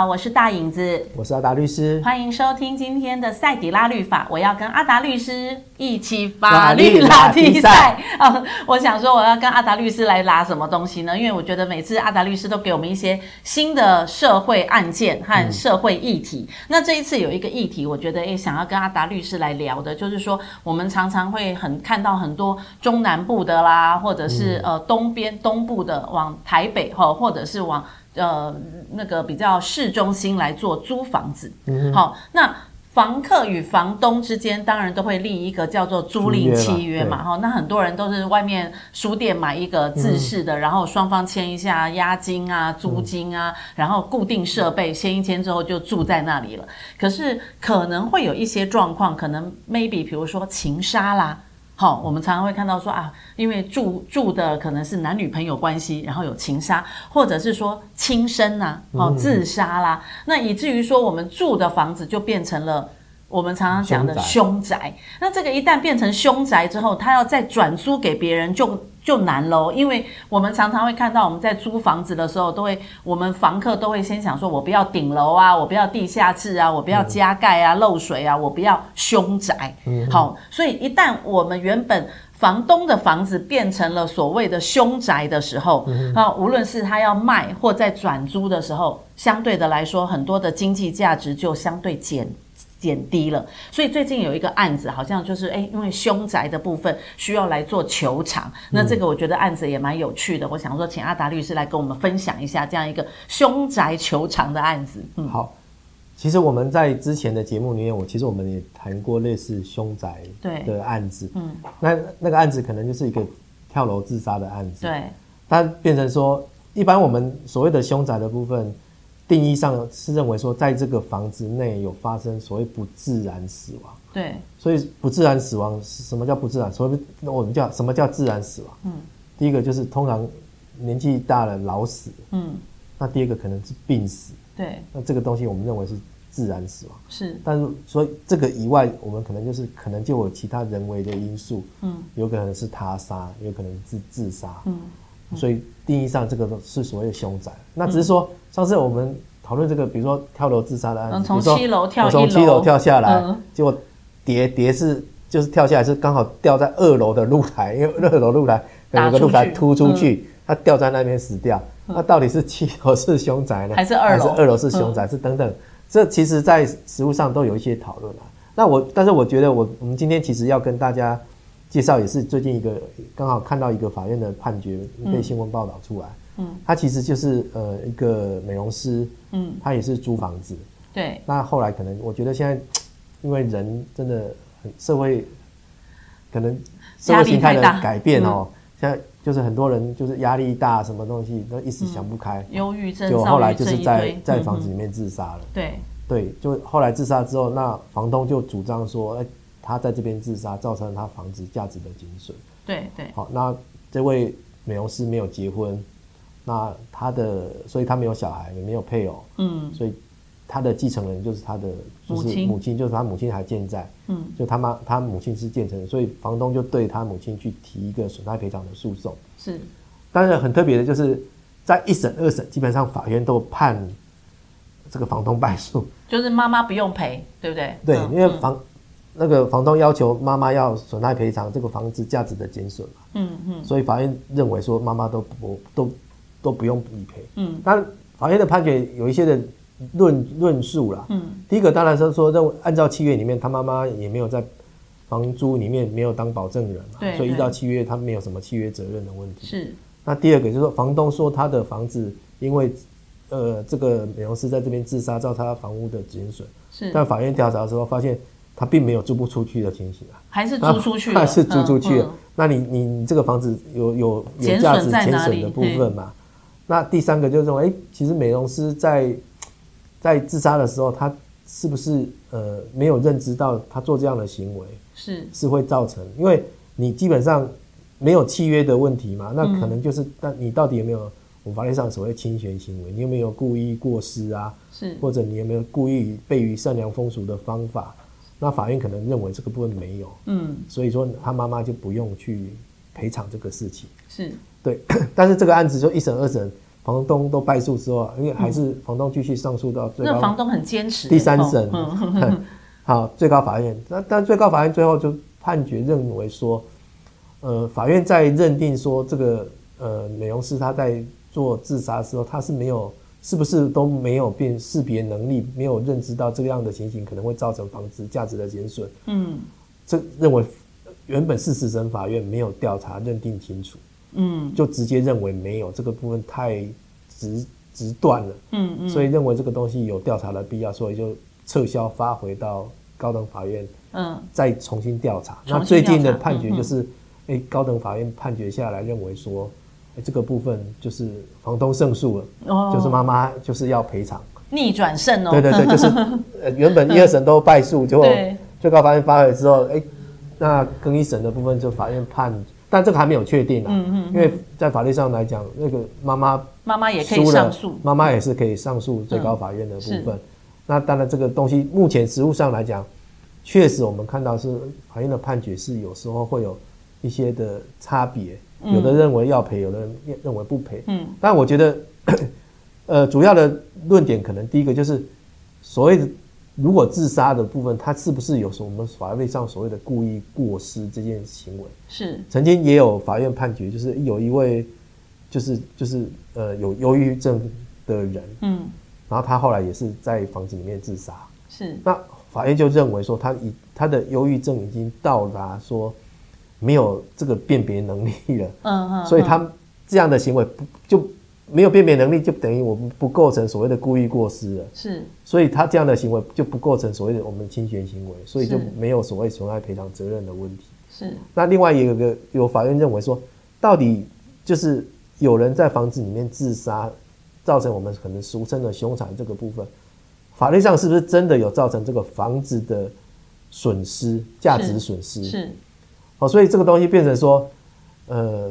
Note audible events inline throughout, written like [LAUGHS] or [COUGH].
好，我是大影子，我是阿達律師，歡迎收聽今天的賽底拉律法。我要跟阿達律師一起法律拉力賽啊！我想說，我要跟阿達律師來拉什麼東西呢？因為我覺得每次阿達律師都給我們一些新的社會案件和社會議題。嗯、那這一次有一個議題，我覺得誒、欸，想要跟阿達律師來聊的，就是說我們常常會很看到很多中南部的啦，或者是呃、嗯、東邊東部的往台北或者是往。呃，那個比較市中心來做租房子，好、嗯哦，那房客與房東之間當然都會立一個叫做租賃契約嘛，哈、哦，那很多人都是外面書店買一個制式的、嗯，然後雙方簽一下押金啊、租金啊，嗯、然後固定設備簽一簽之後就住在那裡了、嗯。可是可能會有一些狀況，可能 maybe 比如說情殺啦。好、哦，我們常常會看到說啊，因為住住的可能是男女朋友關係，然後有情殺，或者是說輕生啊，哦，嗯嗯自殺啦、啊，那以至於說我們住的房子就變成了。我們常常講的凶宅，凶宅，那這個一旦變成凶宅之後，它要再轉租給別人就就難嘍。因為我們常常會看到，我們在租房子的時候，都會我們房客都會先想說，我不要頂樓啊，我不要地下室啊，我不要加蓋啊、嗯，漏水啊，我不要凶宅。嗯，好，所以一旦我們原本房東的房子變成了所謂的凶宅的時候，嗯、那無論是他要賣或在轉租的時候，相對的來說，很多的經濟價值就相對減減低了，所以最近有一個案子，好像就是誒、欸，因為凶宅的部分需要來做求償。那這個我覺得案子也蠻有趣的。嗯、我想說，請阿達律師來跟我們分享一下這樣一個凶宅求償的案子。嗯，好，其實我們在之前的節目裡面，我其實我們也談過類似凶宅的案子，嗯，那那個案子可能就是一個跳樓自殺的案子，對，它變成說，一般我們所謂的凶宅的部分。定義上是認為說，在這個房子內有發生所謂不自然死亡。對。所以不自然死亡，什麼叫不自然？所謂我們叫什麼叫自然死亡？嗯。第一個就是通常年紀大了老死。嗯。那第二個可能是病死。對。那這個東西我們認為是自然死亡。是。但是所以這個以外，我們可能就是可能就有其他人為的因素。嗯。有可能是他殺，有可能是自殺。嗯。所以定義上，這個是所謂的凶宅。那只是說，嗯、上次我們討論這個，比如說跳樓自殺的案子，嗯，從七樓跳樓，從七樓跳下來、嗯，結果跌跌是就是跳下來是剛好掉在二樓的露台，因為二樓露台可能有個露台突出去,、嗯凸出去嗯，它掉在那邊死掉、嗯。那到底是七樓是凶宅呢，還是二樓是,是凶宅、嗯？是等等，這其實在實務上都有一些討論啊。那我，但是我覺得我我們今天其實要跟大家。介紹也是最近一個，剛好看到一個法院的判決被新聞報道出來嗯。嗯，他其實就是呃一個美容師，嗯，他也是租房子。對。那後來可能我覺得現在，因為人真的很社會，可能社會形態的改變哦、嗯。現在就是很多人就是壓力大，什麼東西都一時想不開，憂鬱症，就後來就是在在房子裡面自殺了。嗯嗯對、嗯。對，就後來自殺之後，那房東就主張說，欸他在這邊自殺，造成了他房子價值的減損。對對。好，那這位美容師沒有結婚，那他的所以他沒有小孩，也沒有配偶。嗯。所以他的繼承人就是他的就是，就是母親，就是他母親還健在。嗯。就他媽，他母親是健成的，的所以房東就對他母親去提一個損害賠償的訴訟。是。但是很特別的就是，在一審、二審，基本上法院都判這個房東敗訴。就是媽媽不用賠，對不對？對，嗯，因為房。嗯那個房東要求媽媽要損害賠償，這個房子價值的減損嘛。嗯嗯。所以法院認為說媽媽都不都都不用理賠。嗯。但法院的判決有一些的論論述啦。嗯。第一個當然是說，說，認為按照契約裡面，他媽媽也沒有在房租裡面沒有當保證人，所以依照契約，他沒有什麼契約責任的問題。是。那第二個就是說，房東說他的房子因為呃這個美容師在這邊自殺，造成他房屋的減損。是。但法院調查的時候發現。他並沒有租不出去的情形啊，還是租出去，還是租出去、嗯嗯。那你你你這個房子有有有價值減損的部分嘛？那第三個就是說，哎、欸，其實美容師在在自殺的時候，他是不是呃沒有認知到他做這樣的行為是是會造成？因為你基本上沒有契約的問題嘛，那可能就是那、嗯、你到底有沒有我們法律上所謂侵權行為？你有沒有故意過失啊？是或者你有沒有故意背於善良風俗的方法？那法院可能認為這個部分沒有，嗯，所以說他媽媽就不用去賠償這個事情，是對。但是這個案子，就一審、二審，房東都敗訴之後，因為還是房東繼續上訴到最高，嗯，那房東很堅持，欸，第三審，哦，嗯，呵呵 [LAUGHS] 好，最高法院，那但最高法院最後就判決認為說，呃，法院在認定說這個呃美容師他在做自殺的時候，他是沒有。是不是都沒有辨識別能力，沒有認知到這樣的情形可能會造成房子價值的減損？嗯，這認為原本事實審法院沒有調查認定清楚，嗯，就直接認為沒有這個部分太直直斷了，嗯嗯，所以認為這個東西有調查的必要，所以就撤銷發回到高等法院，嗯，再重新調查，重新調查。那最近的判決就是，哎、嗯嗯欸，高等法院判決下來認為說。這個部分就是房東勝訴了，oh, 就是媽媽就是要賠償，逆轉勝哦。對對對，就是原本一二審都敗訴， [LAUGHS] 結果最高法院發回之後，誒那更一審的部分就法院判，但這個還沒有確定啊，嗯、哼哼因為在法律上來講，那個媽媽媽媽也可以上訴，媽媽也是可以上訴最高法院的部分。嗯、那當然這個東西目前實務上來講，確實我們看到是法院的判決是有時候會有一些的差別。有的認為要賠、嗯，有的人認為不賠。嗯，但我覺得，呃，主要的論點可能第一個就是，所謂的如果自殺的部分，他是不是有我們法律上所謂的故意過失這件行為？是。曾經也有法院判決，就是有一位、就是，就是就是呃有憂鬱症的人，嗯，然後他後來也是在房子裡面自殺。是。那法院就認為說，他他的憂鬱症已經到達說。沒有這個辨別能力了，嗯嗯，所以他這樣的行為不就沒有辨別能力，就等於我們不構成所謂的故意過失了。是，所以他這樣的行為就不構成所謂的我們侵權行為，所以就沒有所謂損害賠償責任的問題。是。那另外也有個有法院認為說，到底就是有人在房子裡面自殺，造成我們可能俗稱的凶宅這個部分，法律上是不是真的有造成這個房子的損失價值損失？是。是所以這個東西變成說，呃，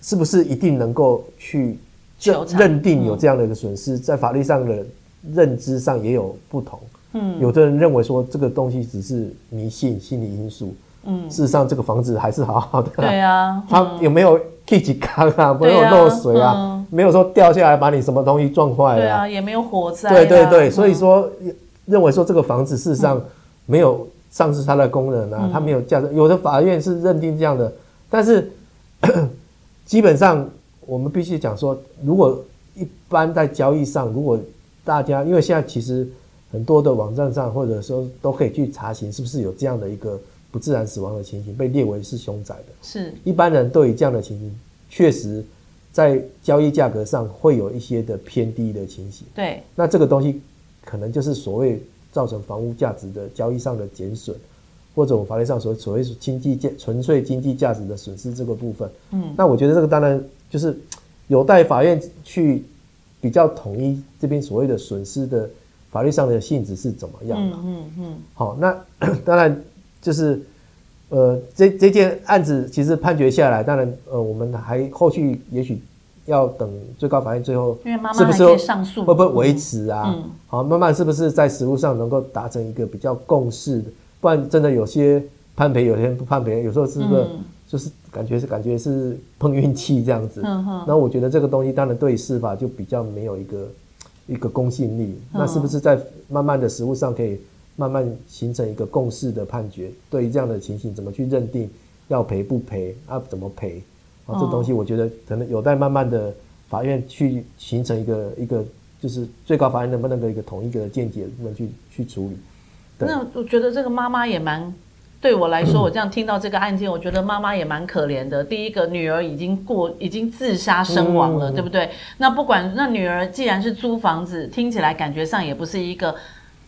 是不是一定能夠去認定有這樣的一個損失，嗯，在法律上的認知上也有不同。嗯，有的人認為說這個東西只是迷信心理因素。嗯，事實上這個房子還是好好的。對啊，它、嗯、有沒有地基開啊、嗯？沒有漏水啊、嗯？沒有說掉下來把你什麼東西撞壞了？對啊，也沒有火災、啊。對對對，所以說認為說這個房子事實上沒有。喪失它的功能啊，他沒有價值、嗯。有的法院是認定這樣的，但是呵呵基本上我們必須講說，如果一般在交易上，如果大家因為現在其實很多的網站上或者說都可以去查詢，是不是有這樣的一個不自然死亡的情形被列為是凶宅的？是。一般人對於這樣的情形，確實在交易價格上會有一些的偏低的情形。對。那這個東西可能就是所謂。造成房屋價值的交易上的減損，或者我們法律上所所謂經濟價純粹經濟價值的損失這個部分，嗯，那我覺得這個當然就是有待法院去比較統一這邊所謂的損失的法律上的性質是怎麼樣的。嗯嗯嗯。好，那當然就是呃，這這件案子其實判決下來，當然呃，我們還後續也許。要等最高法院最後，因為媽媽是不是上訴，會不會維持啊、嗯嗯？好，慢慢是不是在實務上能夠達成一個比較共識的？不然真的有些判賠，有些人不判賠，有時候是個、嗯、就是感覺是感覺是碰運氣這樣子。那、嗯嗯嗯、我覺得這個東西當然對司法就比較沒有一個一個公信力。那是不是在慢慢的實務上可以慢慢形成一個共識的判決？對於這樣的情形，怎麼去認定要賠不賠啊？怎麼賠？啊、這東西我覺得可能有待慢慢的法院去形成一個、嗯、一個，就是最高法院能不能夠一個統一的見解去去處理對。那我覺得這個媽媽也蠻，對我來說、嗯、我這樣聽到這個案件，我覺得媽媽也蠻可憐的。第一個女兒已經過已經自殺身亡了，嗯嗯對不對？那不管那女兒既然是租房子，聽起來感覺上也不是一個。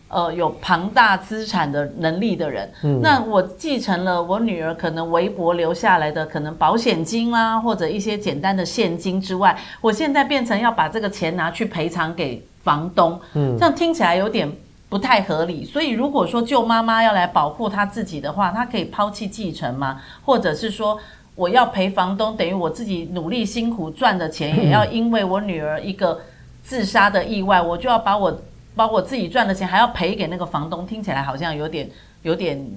呃，有龐大資產的能力的人、嗯，那我繼承了我女兒可能微薄留下來的可能保險金啦、啊，或者一些簡單的現金之外，我現在變成要把這個錢拿去賠償給房東，嗯，這樣聽起來有點不太合理。所以，如果說舅媽媽要來保護她自己的話，她可以拋棄繼承嗎？或者是說，我要賠房東，等於我自己努力辛苦賺的錢，也要因為我女兒一個自殺的意外，嗯、我就要把我。包括自己賺的錢還要賠給那個房東，聽起來好像有點有點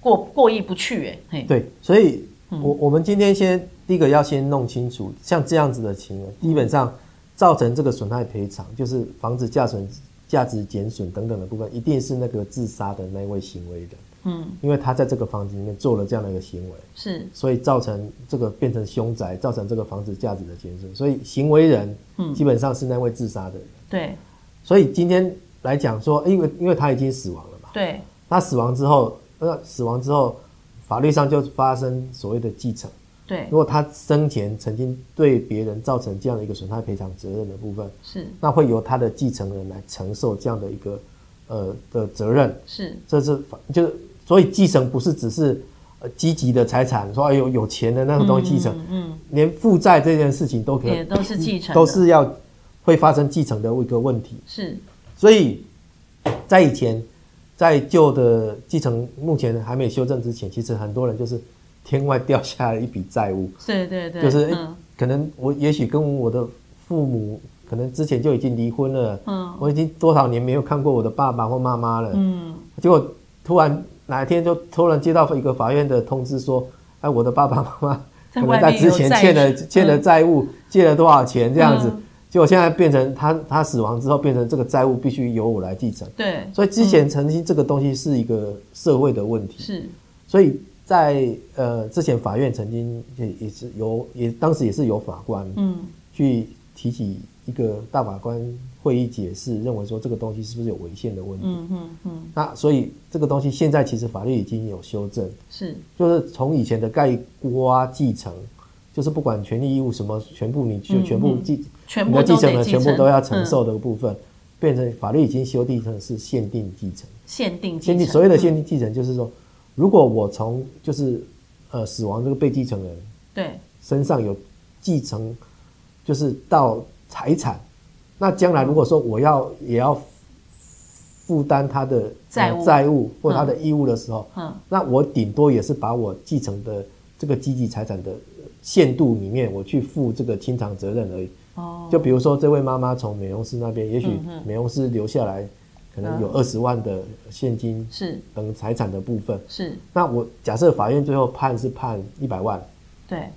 過過意不去哎嘿。對，所以、嗯、我我們今天先第一個要先弄清楚，像這樣子的情況，基本上造成這個損害賠償，就是房子價損、價值減損等等的部分，一定是那個自殺的那位行為的。嗯，因為他在這個房子裡面做了這樣的一個行為，是，所以造成這個變成凶宅，造成這個房子價值的減損。所以行為人嗯，基本上是那位自殺的人。對。所以今天來講說，因為因為他已經死亡了嘛，對，他死亡之後，那、呃、死亡之後，法律上就發生所謂的繼承，對。如果他生前曾經對別人造成這樣的一個損害賠償責任的部分，是，那會由他的繼承人來承受這樣的一個，呃，的責任，是。這是就是，所以繼承不是只是、呃、積極的財產，說哎呦有錢的那個東西繼承，嗯，嗯，嗯，連負債這件事情都可以，也都是繼承，都是要。會發生繼承的一個問題，是，所以在以前，在舊的繼承目前還沒有修正之前，其實很多人就是天外掉下了一筆債務，對對對，就是、嗯、可能我也許跟我的父母可能之前就已經離婚了，嗯，我已經多少年沒有看過我的爸爸或媽媽了，嗯，結果突然哪一天就突然接到一個法院的通知說，哎、呃，我的爸爸媽媽可能在之前欠了欠了債務，嗯、借了多少錢這樣子。嗯結果現在變成他，他死亡之後變成這個債務必須由我來繼承。對，所以之前曾經這個東西是一個社會的問題。嗯、是，所以在呃之前法院曾經也也是由，也當時也是由法官嗯去提起一個大法官會議解釋，認為說這個東西是不是有違憲的問題？嗯嗯嗯。那所以這個東西現在其實法律已經有修正，是，就是從以前的概括繼承，就是不管權利義務什麼全部你就全部繼。嗯我繼承你的繼承人全部都要承受的部分，嗯、變成法律已經修訂成是限定繼承。限定繼承，限定所謂的限定繼承、嗯、就是說，如果我從就是呃死亡這個被繼承人對身上有繼承，就是到財產、嗯，那將來如果說我要也要負擔他的債務、啊、債務或他的義務的時候嗯，嗯，那我頂多也是把我繼承的這個積極財產的限度裡面，我去負這個清償責任而已。哦，就比如說這位媽媽從美容師那邊，也許美容師留下來可能有二十萬的現金是等財產的部分是，是。那我假設法院最後判是判一百萬，對，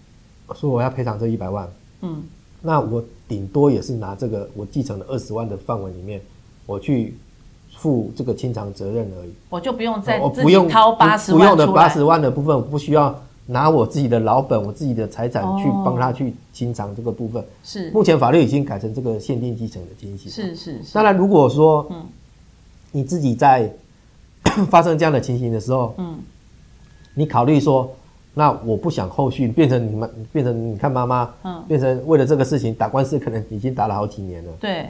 說我要賠償這一百萬，嗯，那我頂多也是拿這個我繼承的二十萬的範圍裡面，我去負這個清償責任而已。我就不用再，我不用掏八十萬，不用的八十萬的部分，我不需要。拿我自己的老本，我自己的財產去幫他去清償這個部分。是、oh,。目前法律已經改成這個限定繼承的情形。是是是。當然，如果說，嗯，你自己在發生這樣的情形的時候，嗯，你考慮說，那我不想後續變成你們，變成你看媽媽，嗯，變成為了這個事情打官司，可能已經打了好幾年了。對。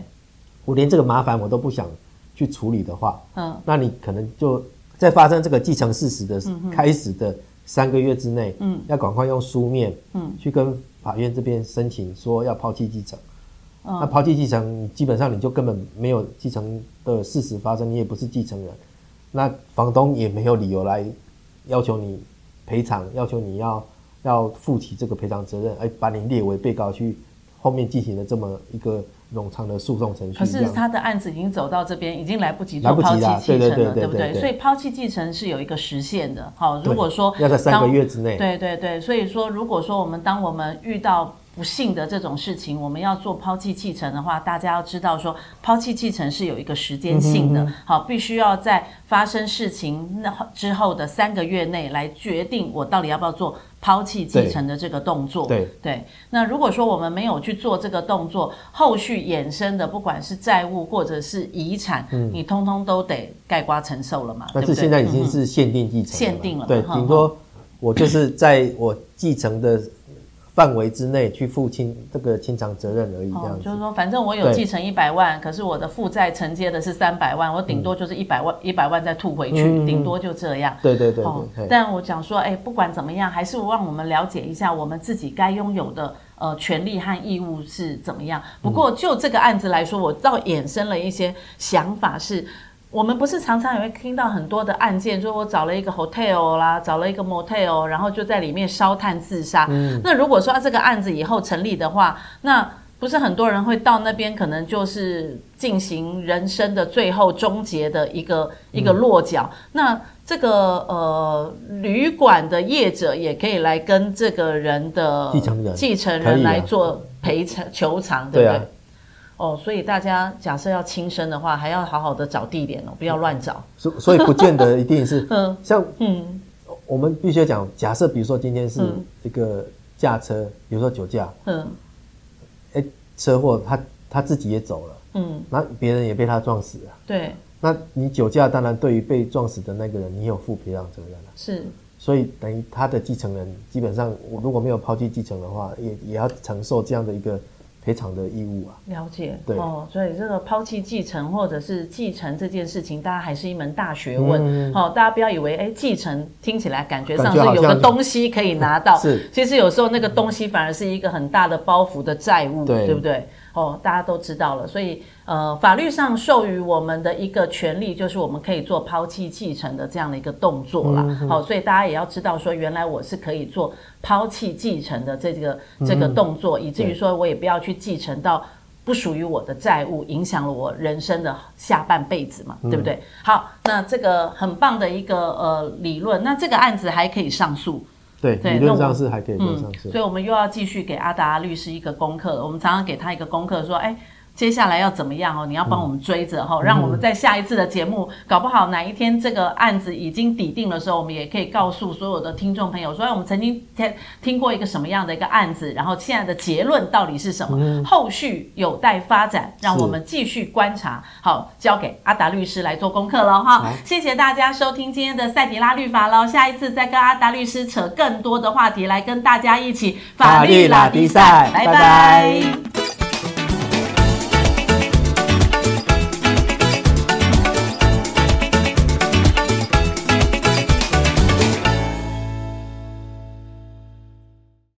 我連這個麻煩我都不想去處理的話，嗯，那你可能就在發生這個繼承事實的開始的、嗯。三個月之內，嗯，要趕快用書面，嗯，去跟法院這邊申請說要拋棄繼承，嗯、那拋棄繼承你基本上你就根本沒有繼承的事實發生，你也不是繼承人，那房東也沒有理由來要求你賠償，要求你要要負起這個賠償責任，而，把你列為被告去後面進行了這麼一個。冗長的訴訟程序，可是他的案子已經走到這邊，已經來不及做拋棄繼承了，了對對對對對對對，對不對？所以拋棄繼承是有一個時限的。好，如果說要在三個月之內，對對對，對。所以說，如果說我們當我們遇到不幸的這種事情，我們要做拋棄繼承的話，大家要知道說，拋棄繼承是有一個時間性的。 [NOISE] 好，必須要在發生事情之後的三個月內來決定我到底要不要做。拋棄繼承的這個動作，對對，對。那如果說我們沒有去做這個動作，後續衍生的不管是債務或者是遺產，嗯、你通通都得概括承受了嘛、嗯對對？但是現在已經是限定繼承了、嗯，限定了嘛。對，頂、嗯、多我就是在我繼承的。範圍之內去付清這個清償責任而已這樣子。哦，就是說，反正我有繼承一百萬，可是我的負債承接的是三百萬，我頂多就是一百萬，一、嗯、百萬再吐回去、嗯，頂多就這樣。嗯、對對對對。哦、但我講說、欸，不管怎麼樣，還是讓我們了解一下我們自己該擁有的呃權利和義務是怎麼樣。不過就這個案子來說，我倒衍生了一些想法是。我們不是常常也會聽到很多的案件，說我找了一個 hotel 啦，找了一個 motel，然後就在裡面燒炭自殺。嗯、那如果說這個案子以後成立的話，那不是很多人會到那邊，可能就是進行人生的最後終結的一個、嗯、一個落腳。那這個呃旅館的業者也可以來跟這個人的繼承人來做賠償、啊、求償，對不對？對啊。哦，所以大家假設要輕生的話，還要好好的找地點哦，不要亂找。所、嗯、所以不見得一定是，像 [LAUGHS] 嗯，像我們必須要講，假設比如說今天是這個駕車、嗯，比如說酒駕，嗯，哎、欸、車禍，他他自己也走了，嗯，那別人也被他撞死了，對，那你酒駕當然對於被撞死的那個人，你也有負賠償責任了、啊，是，所以等於他的繼承人基本上我如果沒有拋棄繼承的話，也也要承受這樣的一個。賠償的義務啊，了解，對哦，所以這個拋棄繼承或者是繼承這件事情，大家還是一門大學問。好、嗯哦，大家不要以為哎，繼承聽起來感覺上是有個東西可以拿到，其實有時候那個東西反而是一個很大的包袱的債務，對、嗯、不對？對哦，大家都知道了，所以呃，法律上授予我們的一個權利，就是我們可以做拋棄繼承的這樣的一個動作啦。好、嗯嗯哦，所以大家也要知道，說原來我是可以做拋棄繼承的這個、嗯、這個動作，以至於說我也不要去繼承到不屬於我的債務，嗯、影響了我人生的下半輩子嘛、嗯，對不對？好，那這個很棒的一個呃理論，那這個案子還可以上訴。對，理論上是還可以做上市，嗯，所以我們又要繼續給阿達律師一個功課。我們常常給他一個功課，說，哎，欸。接下來要怎麼樣哦？你要幫我們追着哈、嗯，讓我們在下一次的節目、嗯，搞不好哪一天這個案子已經抵定的時候，我們也可以告訴所有的聽眾朋友說，說、哎、我們曾經聽、聽過一個什麼樣的一個案子，然後現在的結論到底是什麼、嗯？後續有待發展，讓我們繼續觀察。好，交給阿達律師來做功課囉哈。謝謝大家收聽今天的賽迪拉律法嘍，下一次再跟阿達律師扯更多的話題，來跟大家一起法律拉底賽，拜拜。拜拜。